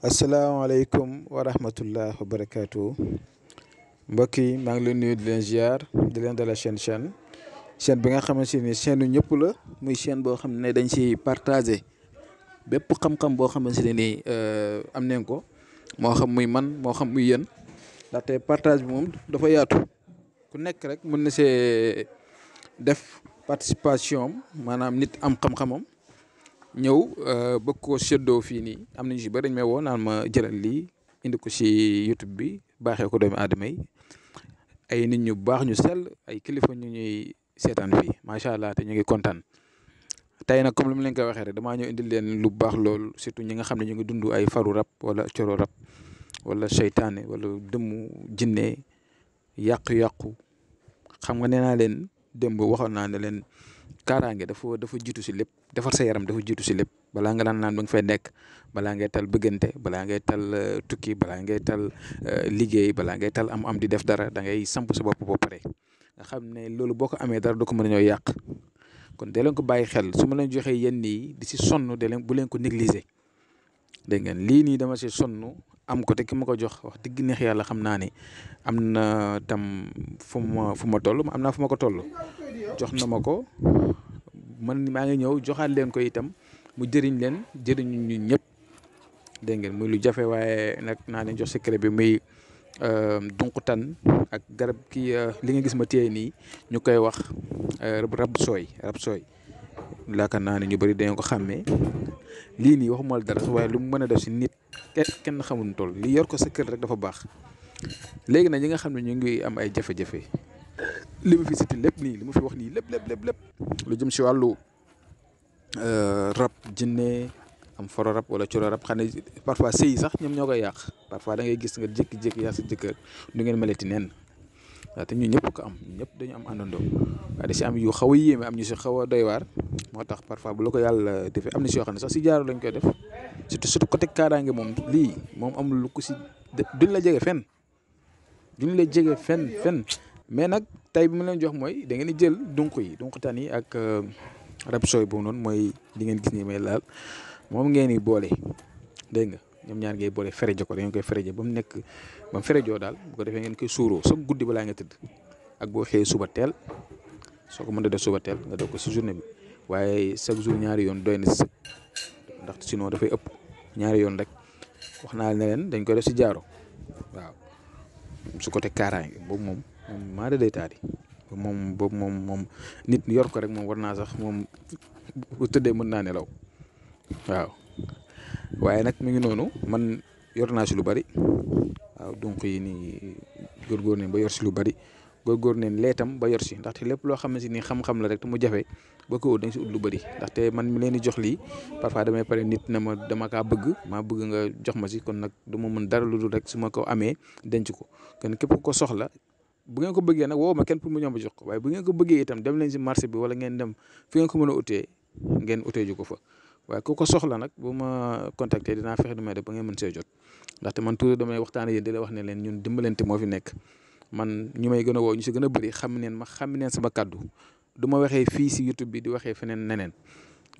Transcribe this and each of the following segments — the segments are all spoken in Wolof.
Assalamualaikum warahmatullahi wabarakatuh. wa barakaatu mbokk yi maa ngi leen nuyu di leen ziar di leen dalal seen chaîne chaîne bi nga xamante ni chaîne ñëpp la muy chaîne boo xam ne dañ bépp xam-xam boo xamante ne nii euh, am nañ ko moo xam muy man moo xam muy yéen ndaxte partage bi moom dafa yaatu ku nekk rek mën na see def participation maanaam nit am xam-xamam ñëw euh, bëgg koo séddoo fii nii am nañu si ba dañ may woo naan ma jëlal lii indi ko si YouTube bi baaxee ko doomi aadama ay nit ñu baax ñu sell ay kilifa ñu ñuy seetaan fii macha allah te ñu ngi kontaan tey nag comme li mu leen ko waxee rek damaa ñëw indil leen lu baax lool surtout ñi nga xam ne ñu ngi dund ay faru rab wala coro rab wala seytaane wala dëmmu jinne yàqu-yàqu xam nga nee naa leen démb waxoon naa ne leen. kaaraange dafa dafa jiitu si lépp defar sa yaram dafa jiitu si lépp balaa nga naan naan ba nga fay nekk balaa ngay tal bëggante balaa ngay tal euh, tukki balaa ngay tal euh, liggéey balaa ngay tal am am di def dara da ngay samp sa bopp ba pare nga xam ne loolu boo ko amee dara du ko mën a ñoo yàq kon dee leen ko bàyyi xel su ma leen joxee yenn yi di si sonn de leen bu leen ko négliger dégg ngeen lii nii dama si sonn am ko te ki ko jox wax dëgg neex yàlla xam naa ne am na tam fuma fuma fu ma am ko toll jox na ma ko man maa ngi ñëw joxaat leen ko itam mu jëriñ leen jëriñu ñun ñëpp de ngeen muy lu jafe waaye nag naa leen jox secret bi muy euh, dunqutan ak garab ki euh, li nga gis ma téye nii ñu koy wax euh, rab sooy rab sooy laaka naa ne ñu bëri dañoo ko xàmmee lii nii waxumal dara waaye lu mu def nit. kenn xamul nu toll li yor ko sa kër rek dafa baax léegi nag ñi nga xam ne ñu ngi am ay jafe-jafe li ma fi cité lépp nii li ma fi wax nii lépp lépp lépp lépp lu jëm si wàllu euh, rab jinne am foro rab wala coro rab xam ne parfois sëy sax ñoom ñoo koy yàq parfois da ngay gis nga jékki-jékki yaa sa jëkkër du ngeen meleti neen waaw te ñu ñëpp ko am ñëpp dañu am àndandoo waaye da si am yu xaw a yéeme am ñu si xaw a doy waar moo tax parfois bu la ko yàlla defee am na si yoo xam ne sax si jaaru lañ koy def surtout surtout côté kaaraange moom lii moom amul lu ko si duñ la jege fenn duñ la jege fen fen mais nag tay bi mu leen jox mooy da ngeen di jël dunq yi dunq tan yi ak rab sooy boobu noonu mooy li ngeen gis nii may laal moom ngeen di boole dégg nga. ñoom ñaar ngay boole fereje ko da ngeen koy fereje ba nekk ba mu daal bu ko defee ngeen koy suuroo sa guddi balaa nga tëdd ak boo xëyee suba teel soo ko mën a def suba teel nga def ko si journée waaye chaque jour ñaari yoon doy na si sëkk ndax sinon dafay ëpp ñaari yoon rek wax naa ne leen dañ koy def si jaaro waaw su côté kaaraange boobu moom maa da day taari moom boobu moom moom nit yor ko rek moom war naa sax moom bu tëddee mën naa nelaw waaw. waaye nag mi ngi man yor naa si lu bari waaw donc yi nii góorgóor neen ba yor si lu bari góorgóor neen leetam ba yor si ndaxte lépp loo xam ne si ni xam-xam la rek te mu jafe boo ko wut da nga lu bari te man mi leen di jox lii parfois damay pare nit na ma dama kaa bëgg maa bëgg nga jox ma si kon nag du ma mën dara lu dul rek su ma ko amee denc ko kon képp ko soxla bu ngeen ko bëggee nag woo ma kenn pour mu ñëw jox ko waaye bu ngeen ko bëggee itam dem leen si marché bi wala ngeen dem fi ngeen ko mën a utee ngeen utee ju ko fa waaye ku ko soxla nag bu ma contacter dinaa fexe du may def ba ngeen mën see jot ndaxte man toujours damay waxtaanee yéen di la wax ne leen ñun dimbalante moo fi nekk man ñu may gën a woo ñu si gën a bëri xam neen ma xam neen sama kaddu du ma waxee fii si YouTube bi di waxee feneen neneen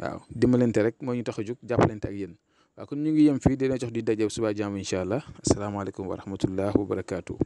waaw dimbalante rek moo ñu tax a jóg jàppalante ak yéen waaw kon ñu ngi yem fii dina jox di daje suba jàmm incha allah asalaamaaleykum wa rahmatullah wa barakaatu.